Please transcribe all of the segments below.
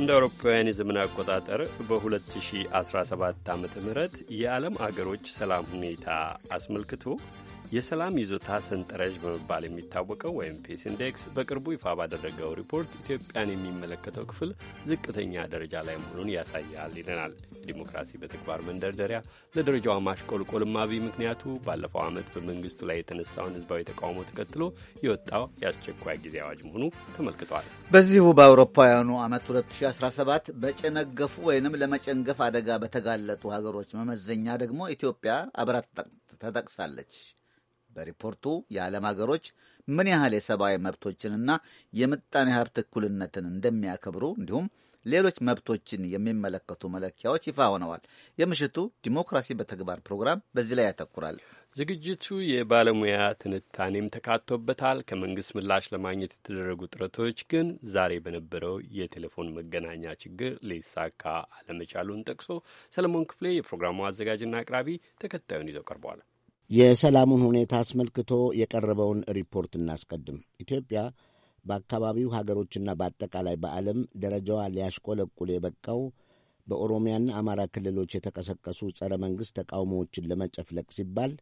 እንደ አውሮፓውያን የዘመን አቆጣጠር በ2017 ዓ ም የዓለም አገሮች ሰላም ሁኔታ አስመልክቶ የሰላም ይዞታ ሰንጠረዥ በመባል የሚታወቀው ወይም ፒስ ኢንዴክስ በቅርቡ ይፋ ባደረገው ሪፖርት ኢትዮጵያን የሚመለከተው ክፍል ዝቅተኛ ደረጃ ላይ መሆኑን ያሳያል ይለናል ዲሞክራሲ በተግባር መንደርደሪያ ለደረጃዋ ማሽቆልቆል አብይ ምክንያቱ ባለፈው ዓመት በመንግስቱ ላይ የተነሳውን ህዝባዊ ተቃውሞ ተከትሎ የወጣው የአስቸኳይ ጊዜ አዋጅ መሆኑ ተመልክቷል። በዚሁ በአውሮፓውያኑ ዓመት 2017 በጨነገፉ ወይንም ለመጨንገፍ አደጋ በተጋለጡ ሀገሮች መመዘኛ ደግሞ ኢትዮጵያ አብራ ተጠቅሳለች። በሪፖርቱ የዓለም ሀገሮች ምን ያህል የሰብአዊ መብቶችንና የምጣኔ ሀብት እኩልነትን እንደሚያከብሩ እንዲሁም ሌሎች መብቶችን የሚመለከቱ መለኪያዎች ይፋ ሆነዋል። የምሽቱ ዲሞክራሲ በተግባር ፕሮግራም በዚህ ላይ ያተኩራል። ዝግጅቱ የባለሙያ ትንታኔም ተካቶበታል። ከመንግስት ምላሽ ለማግኘት የተደረጉ ጥረቶች ግን ዛሬ በነበረው የቴሌፎን መገናኛ ችግር ሊሳካ አለመቻሉን ጠቅሶ ሰለሞን ክፍሌ የፕሮግራሙ አዘጋጅና አቅራቢ ተከታዩን ይዘው ቀርቧል። የሰላሙን ሁኔታ አስመልክቶ የቀረበውን ሪፖርት እናስቀድም። ኢትዮጵያ በአካባቢው ሀገሮችና በአጠቃላይ በዓለም ደረጃዋ ሊያሽቆለቁል የበቃው በኦሮሚያና አማራ ክልሎች የተቀሰቀሱ ጸረ መንግሥት ተቃውሞዎችን ለመጨፍለቅ ሲባል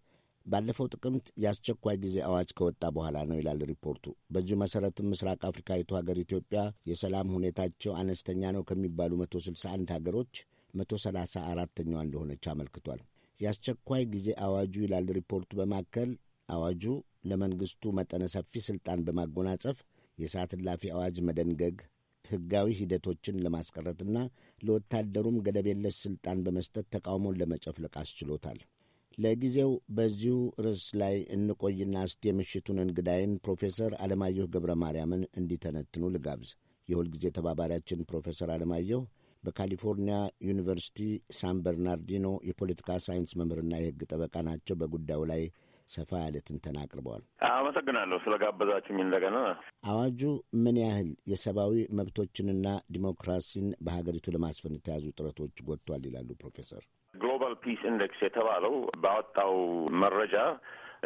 ባለፈው ጥቅምት የአስቸኳይ ጊዜ አዋጅ ከወጣ በኋላ ነው ይላል ሪፖርቱ። በዚሁ መሠረትም ምስራቅ አፍሪካዊቱ ሀገር ኢትዮጵያ የሰላም ሁኔታቸው አነስተኛ ነው ከሚባሉ 161 ሀገሮች 134ኛዋ እንደሆነች አመልክቷል። የአስቸኳይ ጊዜ አዋጁ ይላል ሪፖርቱ በማከል አዋጁ ለመንግሥቱ መጠነ ሰፊ ሥልጣን በማጎናጸፍ የሰዓት እላፊ አዋጅ መደንገግ ሕጋዊ ሂደቶችን ለማስቀረትና ለወታደሩም ገደብ የለሽ ሥልጣን በመስጠት ተቃውሞን ለመጨፍለቅ አስችሎታል። ለጊዜው በዚሁ ርዕስ ላይ እንቆይና እስቲ የምሽቱን እንግዳይን ፕሮፌሰር አለማየሁ ገብረ ማርያምን እንዲተነትኑ ልጋብዝ። የሁልጊዜ ተባባሪያችን ፕሮፌሰር አለማየሁ በካሊፎርኒያ ዩኒቨርሲቲ ሳን በርናርዲኖ የፖለቲካ ሳይንስ መምህርና የሕግ ጠበቃ ናቸው። በጉዳዩ ላይ ሰፋ ያለ ትንተና አቅርበዋል። አመሰግናለሁ ስለጋበዛችሁኝ እንደገና። አዋጁ ምን ያህል የሰብአዊ መብቶችንና ዲሞክራሲን በሀገሪቱ ለማስፈን የተያዙ ጥረቶች ጎድቷል ይላሉ ፕሮፌሰር። ግሎባል ፒስ ኢንዴክስ የተባለው ባወጣው መረጃ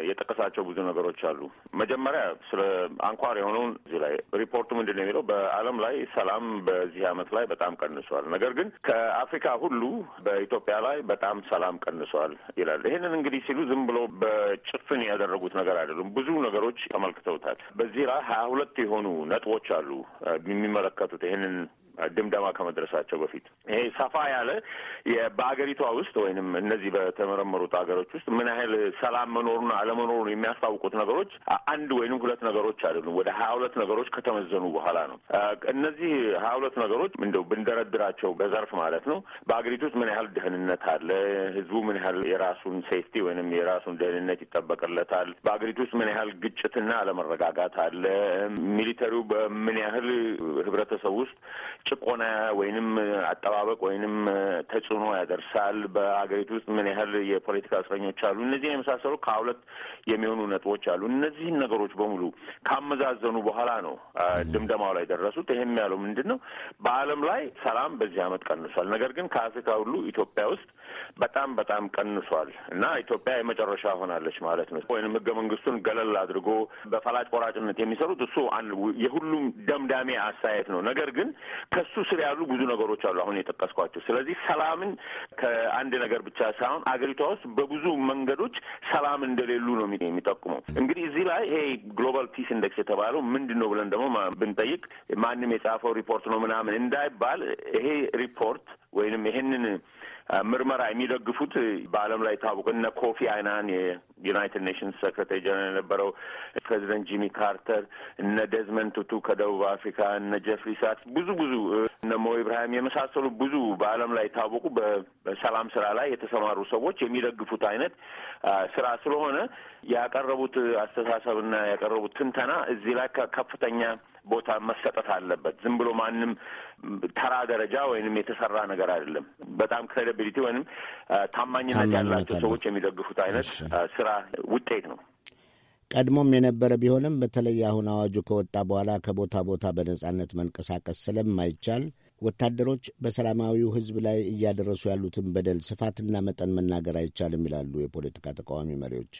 የጠቀሳቸው ብዙ ነገሮች አሉ። መጀመሪያ ስለ አንኳር የሆነውን እዚህ ላይ ሪፖርቱ ምንድን ነው የሚለው በዓለም ላይ ሰላም በዚህ ዓመት ላይ በጣም ቀንሷል፣ ነገር ግን ከአፍሪካ ሁሉ በኢትዮጵያ ላይ በጣም ሰላም ቀንሷል ይላል። ይህንን እንግዲህ ሲሉ ዝም ብሎ በጭፍን ያደረጉት ነገር አይደሉም። ብዙ ነገሮች ተመልክተውታል። በዚህ ላይ ሀያ ሁለት የሆኑ ነጥቦች አሉ የሚመለከቱት ይህንን ድምደማ ከመድረሳቸው በፊት ይሄ ሰፋ ያለ በሀገሪቷ ውስጥ ወይንም እነዚህ በተመረመሩት ሀገሮች ውስጥ ምን ያህል ሰላም መኖሩን አለመኖሩን የሚያስታውቁት ነገሮች አንድ ወይንም ሁለት ነገሮች አይደሉም። ወደ ሀያ ሁለት ነገሮች ከተመዘኑ በኋላ ነው። እነዚህ ሀያ ሁለት ነገሮች እንደው ብንደረድራቸው በዘርፍ ማለት ነው። በሀገሪቱ ውስጥ ምን ያህል ደህንነት አለ? ህዝቡ ምን ያህል የራሱን ሴፍቲ ወይንም የራሱን ደህንነት ይጠበቅለታል? በሀገሪቱ ውስጥ ምን ያህል ግጭትና አለመረጋጋት አለ? ሚሊተሪው በምን ያህል ህብረተሰብ ውስጥ ጭቆና ወይንም አጠባበቅ ወይንም ተጽዕኖ ያደርሳል፣ በሀገሪቱ ውስጥ ምን ያህል የፖለቲካ እስረኞች አሉ፣ እነዚህን የመሳሰሉ ከሁለት የሚሆኑ ነጥቦች አሉ። እነዚህን ነገሮች በሙሉ ካመዛዘኑ በኋላ ነው ድምደማው ላይ ደረሱት። ይህም ያለው ምንድን ነው? በዓለም ላይ ሰላም በዚህ አመት ቀንሷል። ነገር ግን ከአፍሪካ ሁሉ ኢትዮጵያ ውስጥ በጣም በጣም ቀንሷል እና ኢትዮጵያ የመጨረሻ ሆናለች ማለት ነው። ወይንም ህገ መንግስቱን ገለል አድርጎ በፈላጭ ቆራጭነት የሚሰሩት እሱ የሁሉም ደምዳሜ አስተያየት ነው። ነገር ግን ከሱ ስር ያሉ ብዙ ነገሮች አሉ አሁን የጠቀስኳቸው። ስለዚህ ሰላምን ከአንድ ነገር ብቻ ሳይሆን አገሪቷ ውስጥ በብዙ መንገዶች ሰላም እንደሌሉ ነው የሚጠቁመው። እንግዲህ እዚህ ላይ ይሄ ግሎባል ፒስ ኢንደክስ የተባለው ምንድን ነው ብለን ደግሞ ብንጠይቅ ማንም የጻፈው ሪፖርት ነው ምናምን እንዳይባል ይሄ ሪፖርት ወይንም ይሄንን ምርመራ የሚደግፉት በዓለም ላይ ታወቁ እነ ኮፊ አይናን የዩናይትድ ኔሽንስ ሰክረታሪ ጀነራል የነበረው ፕሬዚደንት ጂሚ ካርተር፣ እነ ደዝመን ቱቱ ከደቡብ አፍሪካ፣ እነ ጀፍሪ ሳት ብዙ ብዙ እነ ሞ ኢብራሂም የመሳሰሉ ብዙ በዓለም ላይ ታወቁ በሰላም ስራ ላይ የተሰማሩ ሰዎች የሚደግፉት አይነት ስራ ስለሆነ ያቀረቡት አስተሳሰብና ያቀረቡት ትንተና እዚህ ላይ ከፍተኛ ቦታ መሰጠት አለበት። ዝም ብሎ ማንም ተራ ደረጃ ወይንም የተሰራ ነገር አይደለም። በጣም ክሬዲቢሊቲ ወይንም ታማኝነት ያላቸው ሰዎች የሚደግፉት አይነት ስራ ውጤት ነው። ቀድሞም የነበረ ቢሆንም በተለይ አሁን አዋጁ ከወጣ በኋላ ከቦታ ቦታ በነጻነት መንቀሳቀስ ስለማይቻል ወታደሮች በሰላማዊው ሕዝብ ላይ እያደረሱ ያሉትን በደል ስፋትና መጠን መናገር አይቻልም ይላሉ የፖለቲካ ተቃዋሚ መሪዎች።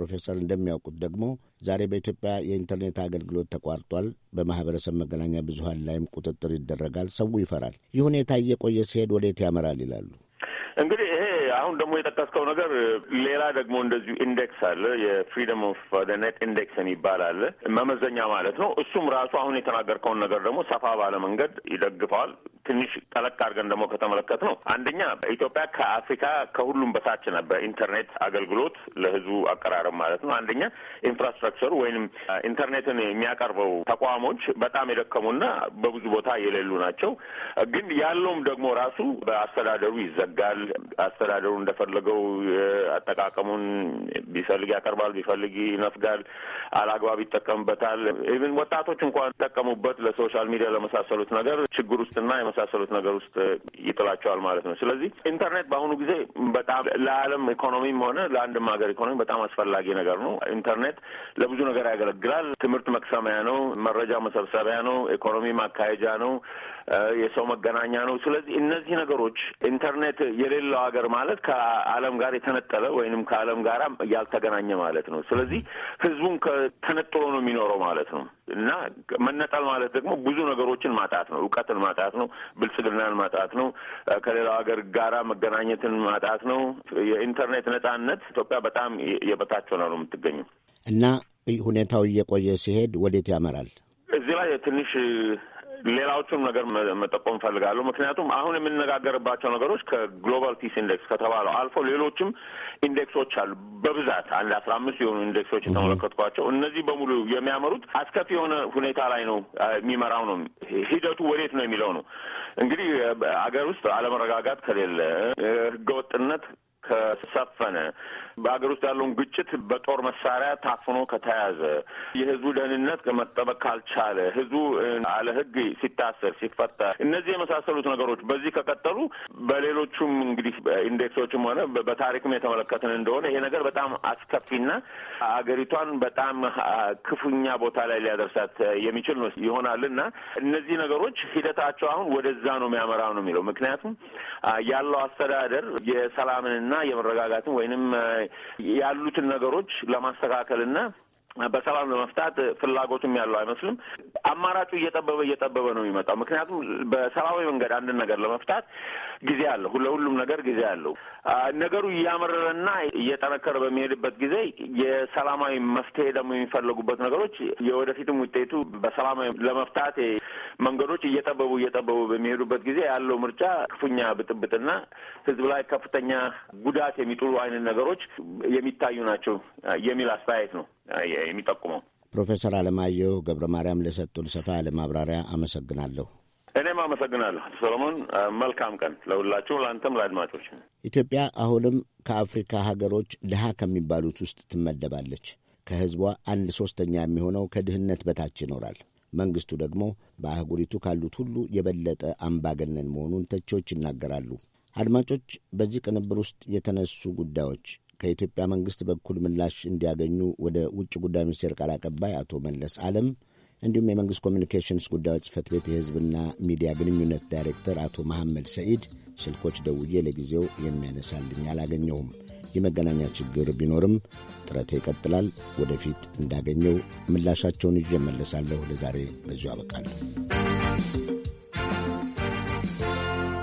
ፕሮፌሰር እንደሚያውቁት ደግሞ ዛሬ በኢትዮጵያ የኢንተርኔት አገልግሎት ተቋርጧል። በማህበረሰብ መገናኛ ብዙሀን ላይም ቁጥጥር ይደረጋል። ሰው ይፈራል። ይህ ሁኔታ እየቆየ ሲሄድ ወዴት ያመራል ይላሉ? እንግዲህ ይሄ አሁን ደግሞ የጠቀስከው ነገር ሌላ ደግሞ እንደዚሁ ኢንዴክስ አለ። የፍሪደም ኦፍ ኔት ኢንዴክስ ይባላል መመዘኛ ማለት ነው። እሱም ራሱ አሁን የተናገርከውን ነገር ደግሞ ሰፋ ባለ መንገድ ይደግፈዋል። ትንሽ ጠለቅ አድርገን ደግሞ ከተመለከት ነው አንደኛ ኢትዮጵያ ከአፍሪካ ከሁሉም በታች ነ በኢንተርኔት አገልግሎት ለህዝቡ አቀራረብ ማለት ነው። አንደኛ ኢንፍራስትራክቸሩ ወይንም ኢንተርኔትን የሚያቀርበው ተቋሞች በጣም የደከሙና በብዙ ቦታ የሌሉ ናቸው። ግን ያለውም ደግሞ ራሱ በአስተዳደሩ ይዘጋል። አስተዳደሩ እንደፈለገው አጠቃቀሙን ቢፈልግ ያቀርባል፣ ቢፈልግ ይነፍጋል፣ አላግባብ ይጠቀምበታል። ኢቭን ወጣቶች እንኳን ጠቀሙበት ለሶሻል ሚዲያ ለመሳሰሉት ነገር ችግር ውስጥና የመሳሰሉት ነገር ውስጥ ይጥላቸዋል ማለት ነው። ስለዚህ ኢንተርኔት በአሁኑ ጊዜ በጣም ለዓለም ኢኮኖሚም ሆነ ለአንድም ሀገር ኢኮኖሚ በጣም አስፈላጊ ነገር ነው። ኢንተርኔት ለብዙ ነገር ያገለግላል። ትምህርት መቅሰሚያ ነው፣ መረጃ መሰብሰቢያ ነው፣ ኢኮኖሚ ማካሄጃ ነው፣ የሰው መገናኛ ነው። ስለዚህ እነዚህ ነገሮች ኢንተርኔት የሌለው ሀገር ማለት ከዓለም ጋር የተነጠለ ወይንም ከዓለም ጋር ያልተገናኘ ማለት ነው። ስለዚህ ህዝቡን ከተነጥሎ ነው የሚኖረው ማለት ነው እና መነጠል ማለት ደግሞ ብዙ ነገሮችን ማጣት ነው። እውቀትን ማጣት ነው። ብልጽግናን ማጣት ነው። ከሌላው ሀገር ጋራ መገናኘትን ማጣት ነው። የኢንተርኔት ነጻነት ኢትዮጵያ በጣም የበታች ሆና ነው የምትገኘው እና ሁኔታው እየቆየ ሲሄድ ወዴት ያመራል? እዚህ ላይ ትንሽ ሌላዎቹም ነገር መጠቆም እፈልጋለሁ። ምክንያቱም አሁን የምንነጋገርባቸው ነገሮች ከግሎባል ፒስ ኢንዴክስ ከተባለው አልፎ ሌሎችም ኢንዴክሶች አሉ። በብዛት አንድ አስራ አምስት የሆኑ ኢንዴክሶች የተመለከትኳቸው እነዚህ በሙሉ የሚያመሩት አስከፊ የሆነ ሁኔታ ላይ ነው የሚመራው ነው ሂደቱ ወዴት ነው የሚለው ነው። እንግዲህ አገር ውስጥ አለመረጋጋት ከሌለ ህገወጥነት ከሰፈነ በሀገር ውስጥ ያለውን ግጭት በጦር መሳሪያ ታፍኖ ከተያዘ የህዝቡ ደህንነት መጠበቅ ካልቻለ ህዝቡ አለ ህግ ሲታሰር ሲፈታ፣ እነዚህ የመሳሰሉት ነገሮች በዚህ ከቀጠሉ በሌሎቹም እንግዲህ ኢንዴክሶችም ሆነ በታሪክም የተመለከትን እንደሆነ ይሄ ነገር በጣም አስከፊና አገሪቷን በጣም ክፉኛ ቦታ ላይ ሊያደርሳት የሚችል ነው ይሆናል እና እነዚህ ነገሮች ሂደታቸው አሁን ወደዛ ነው የሚያመራው ነው የሚለው ምክንያቱም ያለው አስተዳደር የሰላምንና እና የመረጋጋትን ወይንም ያሉትን ነገሮች ለማስተካከልና በሰላም ለመፍታት ፍላጎቱም ያለው አይመስልም። አማራጩ እየጠበበ እየጠበበ ነው የሚመጣው። ምክንያቱም በሰላማዊ መንገድ አንድን ነገር ለመፍታት ጊዜ አለሁ፣ ለሁሉም ነገር ጊዜ አለሁ። ነገሩ እያመረረና እየጠነከረ በሚሄድበት ጊዜ የሰላማዊ መፍትሄ ደግሞ የሚፈለጉበት ነገሮች የወደፊትም ውጤቱ በሰላማዊ ለመፍታት መንገዶች እየጠበቡ እየጠበቡ በሚሄዱበት ጊዜ ያለው ምርጫ ክፉኛ ብጥብጥና ህዝብ ላይ ከፍተኛ ጉዳት የሚጥሉ አይነት ነገሮች የሚታዩ ናቸው የሚል አስተያየት ነው የሚጠቁመው። ፕሮፌሰር አለማየሁ ገብረ ማርያም ለሰጡን ሰፋ ያለ ማብራሪያ አመሰግናለሁ። እኔም አመሰግናለሁ አቶ ሰሎሞን። መልካም ቀን ለሁላችሁ፣ ለአንተም ለአድማጮች። ኢትዮጵያ አሁንም ከአፍሪካ ሀገሮች ድሃ ከሚባሉት ውስጥ ትመደባለች። ከህዝቧ አንድ ሶስተኛ የሚሆነው ከድህነት በታች ይኖራል። መንግስቱ ደግሞ በአህጉሪቱ ካሉት ሁሉ የበለጠ አምባገነን መሆኑን ተቺዎች ይናገራሉ። አድማጮች፣ በዚህ ቅንብር ውስጥ የተነሱ ጉዳዮች ከኢትዮጵያ መንግስት በኩል ምላሽ እንዲያገኙ ወደ ውጭ ጉዳይ ሚኒስቴር ቃል አቀባይ አቶ መለስ አለም እንዲሁም የመንግስት ኮሚኒኬሽንስ ጉዳዮች ጽህፈት ቤት የህዝብና ሚዲያ ግንኙነት ዳይሬክተር አቶ መሐመድ ሰኢድ ስልኮች ደውዬ ለጊዜው የሚያነሳልኝ አላገኘሁም። የመገናኛ ችግር ቢኖርም ጥረቴ ይቀጥላል። ወደፊት እንዳገኘው ምላሻቸውን ይዤ እመለሳለሁ። ለዛሬ በዚሁ አበቃለሁ።